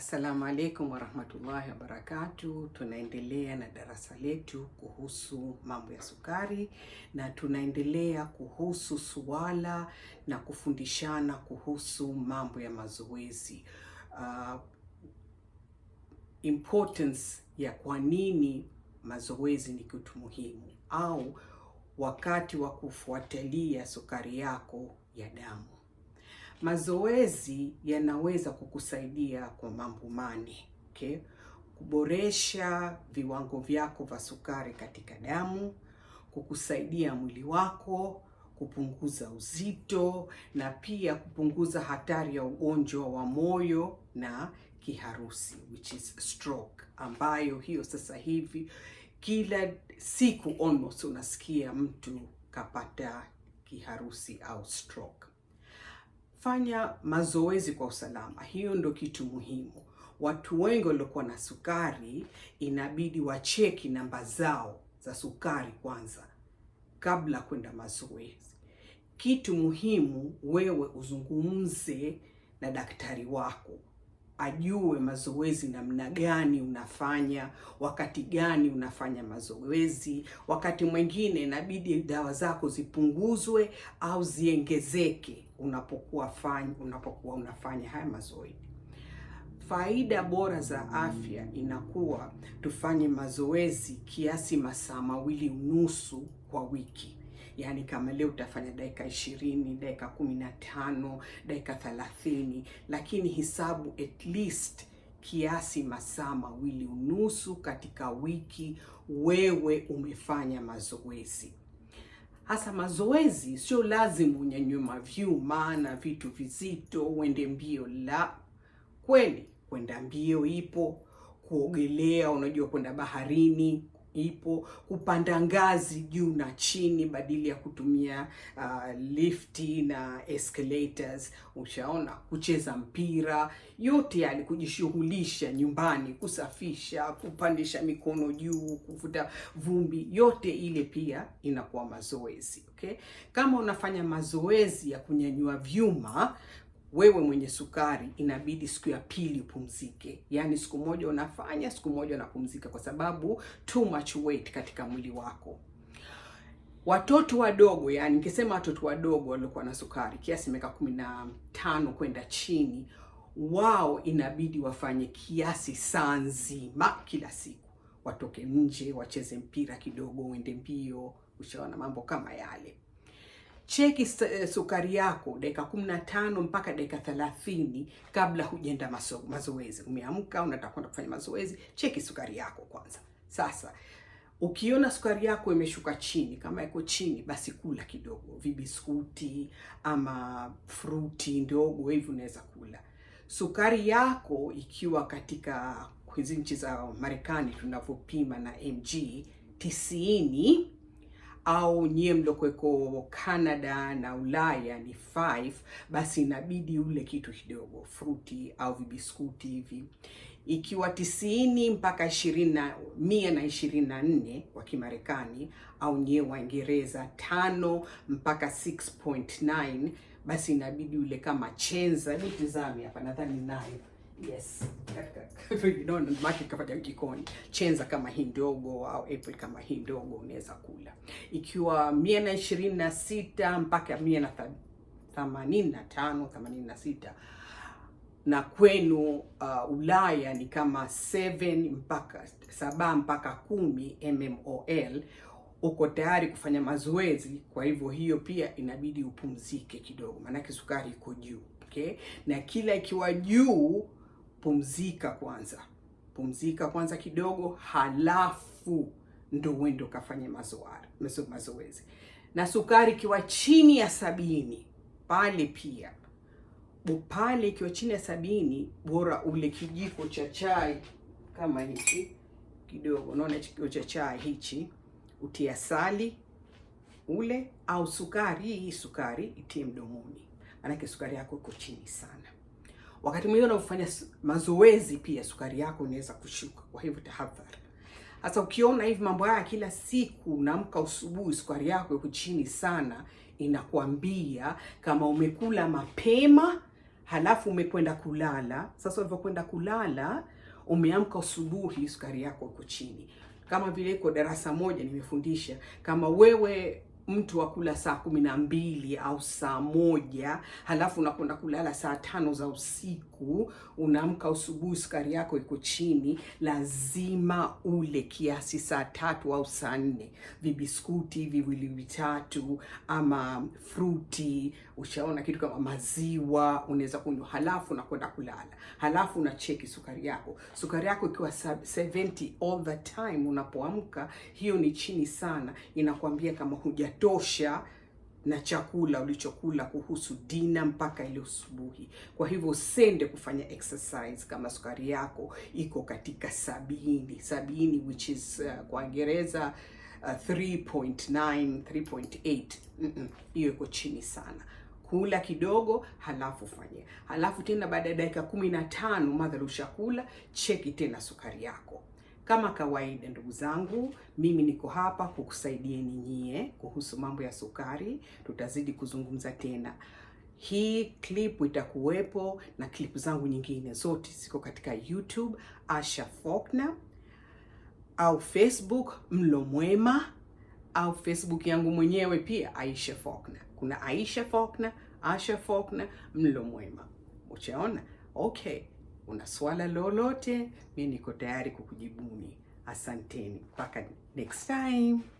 Assalamu alaikum warahmatullahi wabarakatu. Tunaendelea na darasa letu kuhusu mambo ya sukari na tunaendelea kuhusu suala na kufundishana kuhusu mambo ya mazoezi. Uh, importance ya kwa nini mazoezi ni kitu muhimu au wakati wa kufuatilia sukari yako ya damu mazoezi yanaweza kukusaidia kwa mambo mane, okay? Kuboresha viwango vyako vya sukari katika damu, kukusaidia mwili wako kupunguza uzito na pia kupunguza hatari ya ugonjwa wa moyo na kiharusi which is stroke, ambayo hiyo sasa hivi kila siku almost unasikia mtu kapata kiharusi au stroke fanya mazoezi kwa usalama. Hiyo ndo kitu muhimu. Watu wengi waliokuwa na sukari inabidi wacheki namba zao za sukari kwanza kabla kwenda mazoezi. Kitu muhimu, wewe uzungumze na daktari wako ajue mazoezi namna gani unafanya, wakati gani unafanya mazoezi. Wakati mwingine inabidi dawa zako zipunguzwe au ziongezeke unapokuwa fanya, unapokuwa unafanya haya mazoezi. Faida bora za afya inakuwa tufanye mazoezi kiasi masaa mawili unusu kwa wiki. Yaani kama leo utafanya dakika ishirini, dakika kumi na tano, dakika thelathini, lakini hisabu at least kiasi masaa mawili unusu katika wiki wewe umefanya mazoezi hasa mazoezi. Sio lazima unyanyue mavyuma na vitu vizito, uende mbio. La, kweli kwenda mbio ipo, kuogelea, unajua kwenda baharini ipo kupanda ngazi juu na chini, badili ya kutumia uh, lifti na escalators. Ushaona, kucheza mpira, yote yale, kujishughulisha nyumbani, kusafisha, kupandisha mikono juu, kuvuta vumbi, yote ile pia inakuwa mazoezi okay. Kama unafanya mazoezi ya kunyanyua vyuma wewe mwenye sukari inabidi siku ya pili upumzike, yaani siku moja unafanya, siku moja unapumzika, kwa sababu too much weight katika mwili wako. Watoto wadogo, yani ningesema watoto wadogo waliokuwa na sukari kiasi miaka kumi na tano kwenda chini, wao inabidi wafanye kiasi saa nzima kila siku, watoke nje, wacheze mpira kidogo, uende mbio, ushaona mambo kama yale. Cheki eh, sukari yako dakika kumi na tano mpaka dakika thelathini kabla hujaenda mazoezi. Umeamka unataka kwenda kufanya mazoezi, cheki sukari yako kwanza. Sasa ukiona sukari yako imeshuka chini, kama iko chini, basi kula kidogo, vibiskuti ama fruti ndogo hivi unaweza kula. Sukari yako ikiwa katika hizi nchi za Marekani tunavyopima na mg tisini au nyie mlokuweko Canada na Ulaya ni 5, basi inabidi ule kitu kidogo, fruti au vibiskuti hivi ikiwa tisini mpaka ishirini na mia na ishirini na nne wa Kimarekani au nyie Waingereza tano mpaka 6.9 basi inabidi ule kama chenza. Nitizame hapa, nadhani nayo Yes, katika jikoni chenza kama hii ndogo au apple kama hii ndogo unaweza kula ikiwa mia na ishirini na sita mpaka mia na themanini na tano themanini na sita na kwenu uh, Ulaya ni kama 7 mpaka saba mpaka kumi mmol uko tayari kufanya mazoezi. Kwa hivyo hiyo pia inabidi upumzike kidogo, maanake sukari iko juu okay? na kila ikiwa juu pumzika kwanza, pumzika kwanza kidogo, halafu ndo uende ukafanye mazoezi. Na sukari ikiwa chini ya sabini pale pia pale, ikiwa chini ya sabini bora ule kijiko cha chai kama hichi kidogo, unaona kijiko cha chai hichi, utia sali ule au sukari hii, sukari itie mdomoni, maanake sukari yako iko chini sana. Wakati mwingine unafanya mazoezi pia, sukari yako inaweza kushuka. Kwa hivyo tahadhari. Sasa ukiona hivi mambo haya kila siku, unaamka usubuhi sukari yako iko chini sana, inakwambia kama umekula mapema halafu umekwenda kulala. Sasa ulivyokwenda kulala, umeamka usubuhi, sukari yako iko chini. Kama vile iko darasa moja nimefundisha, kama wewe mtu wa kula saa kumi na mbili au saa moja halafu unakwenda kulala saa tano za usiku, unaamka usubuhi sukari yako iko chini, lazima ule kiasi saa tatu au saa nne, vibiskuti viwili vitatu ama fruti, ushaona kitu kama maziwa unaweza kunywa, halafu unakwenda kulala, halafu unacheki sukari yako. Sukari yako ikiwa 70 all the time unapoamka, hiyo ni chini sana, inakwambia kama huja kutosha na chakula ulichokula kuhusu dina mpaka ile asubuhi. Kwa hivyo usende kufanya exercise kama sukari yako iko katika sabini sabini, which is uh, kwa Kiingereza uh, 3.9 3.8 mm -mm, hiyo iko chini sana. Kula kidogo halafu fanye, halafu tena baada ya dakika kumi na tano madhali ushakula, cheki tena sukari yako. Kama kawaida, ndugu zangu, mimi niko hapa kukusaidieni nyie kuhusu mambo ya sukari. Tutazidi kuzungumza tena. Hii clip itakuwepo na clip zangu nyingine zote, ziko katika YouTube Asha Faulkner au Facebook Mlo Mwema au Facebook yangu mwenyewe pia Aisha Faulkner. Kuna Aisha Faulkner, Asha Faulkner, Mlo Mwema. Uchaona? Okay una swala lolote, mi niko tayari kukujibuni. Asanteni mpaka next time.